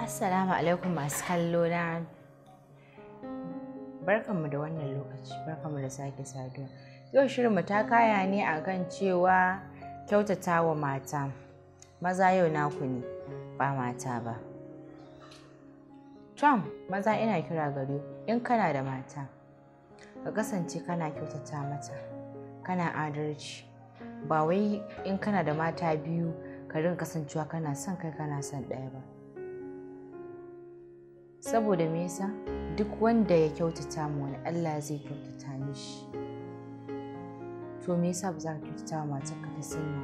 Assalamu alaikum masu kallo na barkanmu da wannan lokaci barkanmu da sake saduwa yau shirinmu ta kaya ne akan cewa kyautata wa mata maza yau naku ne ba mata ba tom maza ina kira gari in kana da mata ka kasance kana kyautata mata kana adalci ba wai in kana da mata biyu ka rinka kasancewa kana son kai kana son ɗaya ba saboda me yasa duk wanda ya kyautata mu wani Allah zai kyautata mishi to me yasa ba za ka kyautata wa matarka ta sinna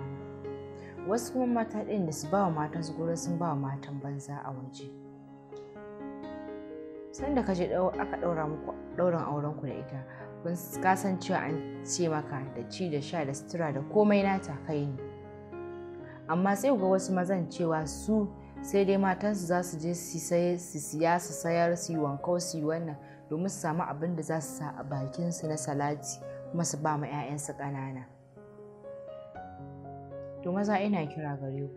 ma wasu kuma mata ɗin da su ba wa matan su sun ba wa matan banza a waje sanda ka je aka ɗaura muku ɗaurin auren ku da ita kun ka san cewa an ce maka da ci da sha da sutura da komai na ta kai ne amma sai ga wasu mazan cewa su sai dai matansu za su je su siya su sayar su yi wanka su yi wannan domin su samu abin da za su sa a bakinsu na salati kuma su ba ma 'ya'yansu ƙanana to maza ina kira gare ku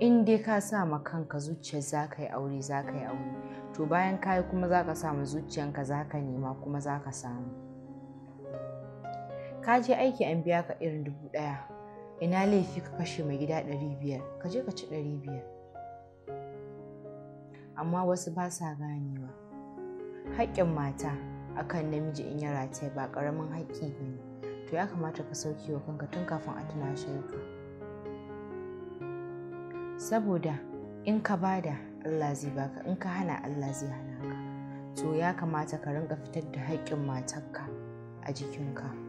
in dai ka sa ma kanka zuciyar za ka yi aure za ka yi aure to bayan ka yi kuma za ka samu zuciyanka za ka nema kuma za ka samu ka je aiki an biya ka irin dubu ɗaya ina laifi ka kashe mai gida ɗari biyar ka je ka ci ɗari biyar amma wasu ba sa ganewa haƙƙin mata akan namiji in ya ta ba ƙaramin haƙƙi ba ne to ya kamata ka sauki wa kanka tun kafin a tuna shirka saboda in ka bada Allah zai baka in ka hana Allah zai hana ka to ya kamata ka rinka fitar da haƙƙin matarka a jikinka.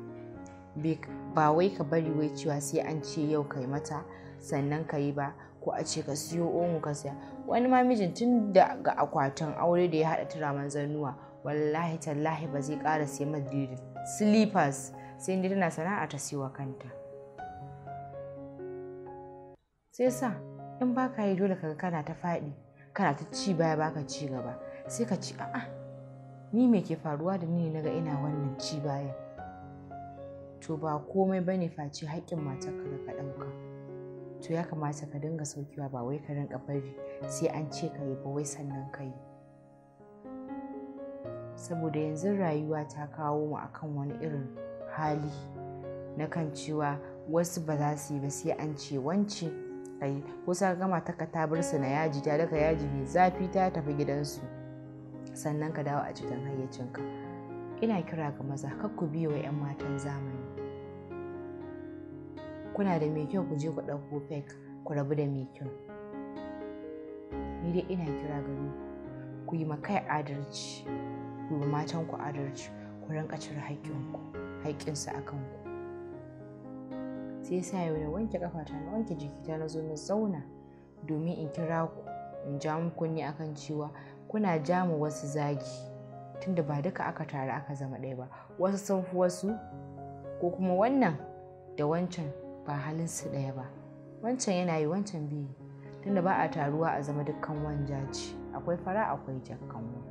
ba wai ka bari wai cewa sai an ce yau kai mata sannan ka yi ba ko a ce ka siyo omo ka saya wani ma mijin tun da ga akwatin aure da ya haɗa turaman zannuwa wallahi tallahi ba zai ƙara siya mata slippers sai dai tana sana'a ta siwa kanta sai sa in ba ka yi dole kaga kana ta faɗi kana ta ci baya baka ci gaba sai ka ci a'a ni me ke faruwa da ni na ga ina wannan ci bayan to ba komai ba ne face haƙƙin matarka da ka to ya kamata ka dinga saukewa ba wai ka rinka bari sai an ce ka yi ba wai sannan ka yi saboda yanzu rayuwa ta kawo mu akan wani irin hali na kan cewa wasu ba za su yi ba sai an ce wance kai ko sa gama ta ka tabar su na yaji ta daga yaji mai zafi ta tafi gidansu sannan ka dawo a cikin hayyacinka ina kira ga maza kar ku biyo wa 'yan matan zamani kuna da mai kyau ku je ku ɗauko fake ku rabu da mai kyau ni dai ina kira ga ni ku yi ma kai adalci ku yi matan ku adalci ku rinka cire haƙƙinku haƙƙinsu a kanku sai sa yau na wanke kafata na wanke jikita na zo na zauna domin in kira ku in ja muku kunni akan cewa kuna ja mu wasu zagi tunda ba duka aka taru aka zama ɗaya ba wasu sun fi wasu ko kuma wannan da wancan ba halin su ɗaya ba wancan yana yi wancan biyu tunda ba a taruwa a zama dukkan wanja ce akwai fara akwai jakkanmu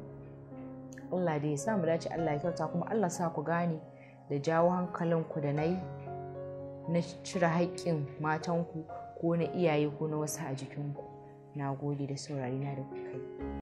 Allah da ya sa mu dace Allah ya kyauta kuma Allah sa ku gane da jawo hankalinku da na yi na cire haƙƙin matanku ko na iyaye ko na wasu a jikinku na gode da saurari na da kuka yi